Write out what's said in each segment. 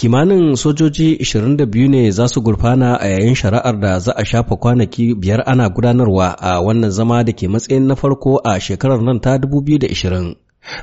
kimanin sojoji 22 ne za su gurfana a yayin shari'ar da za a shafa kwanaki biyar ana gudanarwa a wannan zama da ke matsayin na farko a shekarar nan ta 2020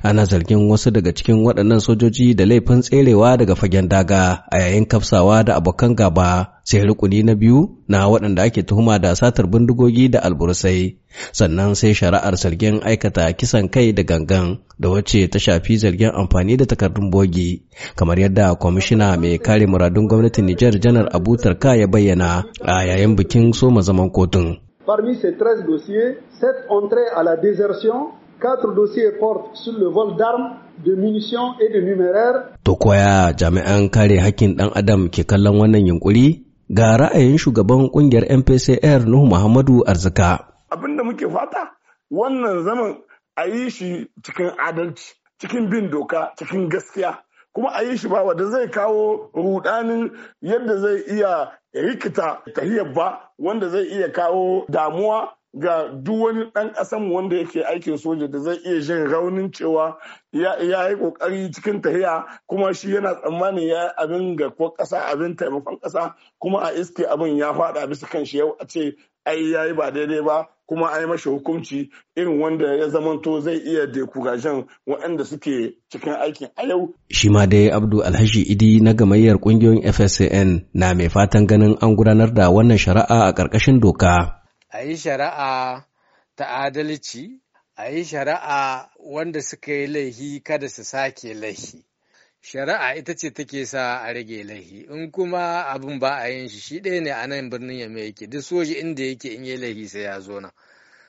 ana zargin wasu daga cikin waɗannan sojoji da laifin tserewa daga fagen daga a yayin kafsawa da abokan gaba sai rukuni na biyu na waɗanda ake tuhuma da satar bindigogi da alburusai sannan sai shari'ar zargin aikata kisan kai da gangan da wacce ta shafi zargin amfani da takardun bogi kamar yadda kwamishina mai kare muradun gwamnatin Nijar janar abu tarka ya bayyana a yayin bikin soma zaman kotun. Parmi ces 13 dossiers, 7 ont à la désertion, 4 dossiers portent sur le vol d'armes de munitions et de numéraires. To koya jami'an kare hakkin ɗan adam ke kallon wannan yunkuri? ga ra'ayin shugaban kungiyar MPCR Nuhu Muhammadu Arzika. Abin da muke fata wannan zaman a yi shi cikin adalci, cikin bin doka, cikin gaskiya. kuma a yi shi ba wanda zai kawo rudanin yadda zai iya rikita tahiyar ba wanda zai iya kawo damuwa ga duk wani ɗan ƙasan wanda yake aikin soja da zai iya jin raunin cewa ya yi ƙoƙari cikin tahiya kuma shi yana tsammanin ya abin ga ko ƙasa abin taimakon ƙasa kuma a iske abin ya faɗa bisa kan shi yau a ce ai ya yi ba daidai ba kuma ai mashi hukunci irin wanda ya zamanto zai iya dekurajen waɗanda suke cikin aikin a yau. Shi ma dai Abdu Alhashi Idi na gamayyar ƙungiyoyin FSN, na mai fatan ganin an gudanar da wannan shari'a a ƙarƙashin doka. a yi shari'a ta adalci a yi shari'a wanda suka yi laihi kada su sake laihi shari'a ita ce take sa a rage laihi in kuma abin ba a yin shi shi ɗaya ne a nan birnin yamma yake duk soji inda yake in yi laihi sai ya zo na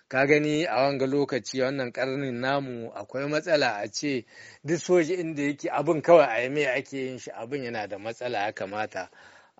ka gani a wanga lokaci wannan karnin namu akwai matsala a ce duk soji inda yake abin kawai a yi mai ake yin shi abin yana da matsala ya kamata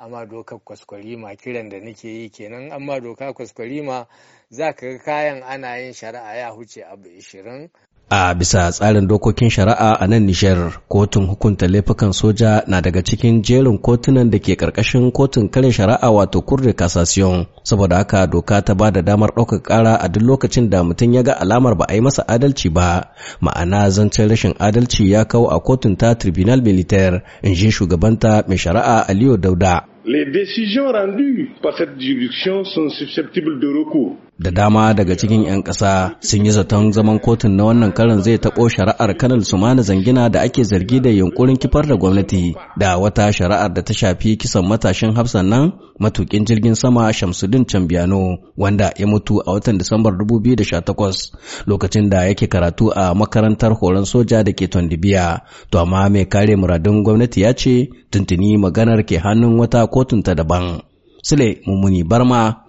amma dokar kwaskwarima kiran da nake yi kenan amma doka kwaskwarima za ka ga kayan ana yin shari'a ya huce abu ishirin A bisa tsarin dokokin shari'a a nan Nijar, kotun hukunta laifukan soja na daga cikin jerin kotunan da ke karkashin kotun karin shari'a wato kurde kasasiyon. Saboda haka doka ta ba da damar ɗaukar ƙara a duk lokacin da mutum ya ga alamar ba a yi masa adalci ba. Ma'ana zancen rashin adalci ya kawo a kotun ta tribunal militaire, in ji shugabanta mai shari'a Aliyu Dauda. Les décisions rendues par cette juridiction sont susceptibles de recours. da dama daga cikin 'yan ƙasa sun yi zaton zaman kotun na wannan karin zai taɓo shari'ar kanal sumana zangina da ake zargi da yunkurin kifar da gwamnati da wata shari'ar da ta shafi kisan matashin hafsan nan matukin jirgin sama shamsuddin cambiano wanda ya mutu a watan disambar 2018 lokacin da yake karatu a makarantar horon soja da ke tondibiya to amma mai kare muradun gwamnati ya ce tuntuni maganar ke hannun wata kotun ta daban sule mummuni barma